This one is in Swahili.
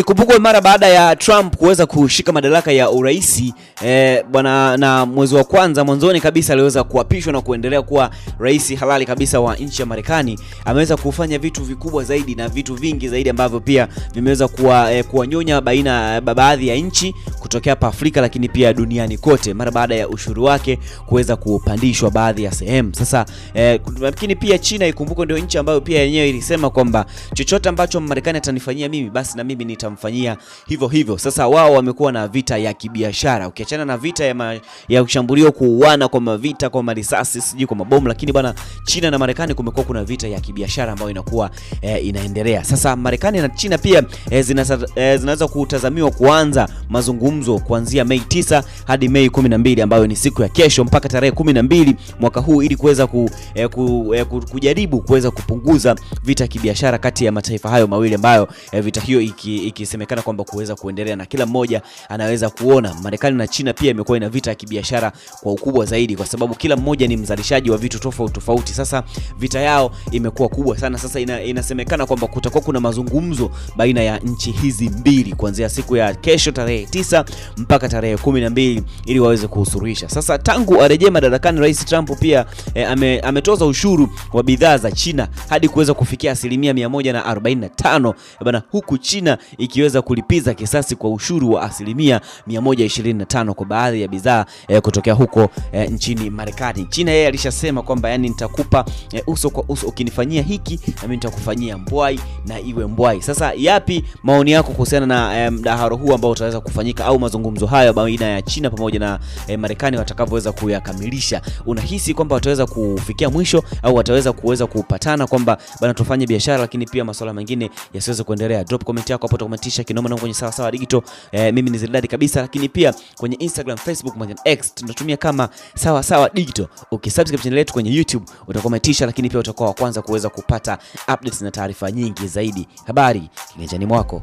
Ikumbukwe mara baada ya Trump kuweza kushika madaraka ya urais eh, bwana na mwezi wa kwanza mwanzoni kabisa aliweza kuapishwa na kuendelea kuwa rais halali kabisa wa nchi ya Marekani, ameweza kufanya vitu vikubwa zaidi na vitu vingi zaidi ambavyo pia vimeweza kuwa, eh, kuwanyonya baina baadhi ya nchi kutokea hapa Afrika, lakini pia duniani kote mara baada ya ushuru wake kuweza kupandishwa baadhi ya sehemu. Sasa eh, lakini pia China ikumbukwe ndio nchi ambayo pia yenyewe ilisema kwamba chochote ambacho Marekani atanifanyia mimi basi na mimi nita watamfanyia hivyo hivyo. Sasa wao wamekuwa na vita ya kibiashara, ukiachana na vita ya, ma, ya shambulio kuuana kwa mavita kwa marisasi sijui kwa mabomu, lakini bana, China na Marekani kumekuwa kuna vita ya kibiashara ambayo inakuwa e, inaendelea. Sasa Marekani na China pia e, zinasa, e, zinaweza kutazamiwa kuanza mazungumzo kuanzia Mei 9 hadi Mei 12 ambayo ni siku ya kesho mpaka tarehe 12 mwaka huu ili kuweza ku, e, ku, e, kujaribu kuweza kupunguza vita ya kibiashara kati ya mataifa hayo mawili ambayo e, vita hiyo iki, iki ikisemekana kwamba kuweza kuendelea na kila mmoja anaweza kuona Marekani na China pia imekuwa ina vita ya kibiashara kwa ukubwa zaidi, kwa sababu kila mmoja ni mzalishaji wa vitu tofauti tofauti. Sasa vita yao imekuwa kubwa sana. Sasa ina, inasemekana kwamba kutakuwa kuna mazungumzo baina ya nchi hizi mbili kuanzia siku ya kesho tarehe tisa mpaka tarehe kumi na mbili ili waweze kuhusurisha. Sasa tangu arejee madarakani Rais Trump pia e, ame, ametoza ushuru wa bidhaa za China hadi kuweza kufikia asilimia 145 bana, huku China ikiweza kulipiza kisasi kwa ushuru wa asilimia 125 kwa baadhi ya bidhaa eh, kutokea huko eh, nchini Marekani. China yeye alishasema kwamba yani, nitakupa eh, uso kwa uso, ukinifanyia hiki na mimi nitakufanyia mbwai na iwe mbwai. Sasa yapi maoni yako kuhusiana na eh, mdaharo huu ambao utaweza kufanyika au mazungumzo hayo baina ya China pamoja na eh, Marekani watakavyoweza kuyakamilisha? Unahisi kwamba wataweza kufikia mwisho au wataweza kuweza kupatana kwamba bana, tufanye biashara, lakini pia masuala mengine yasiweze kuendelea? Drop comment yako hapo umetisha kinoma na kwenye sawa sawa digital. Eh, mimi ni Zildad kabisa, lakini pia kwenye Instagram, Facebook pamoja na X tunatumia kama sawa sawa digital. Ukisubscribe channel yetu kwenye YouTube utakuwa umetisha, lakini pia utakuwa wa kwanza kuweza kupata updates na taarifa nyingi zaidi. Habari kiganjani mwako.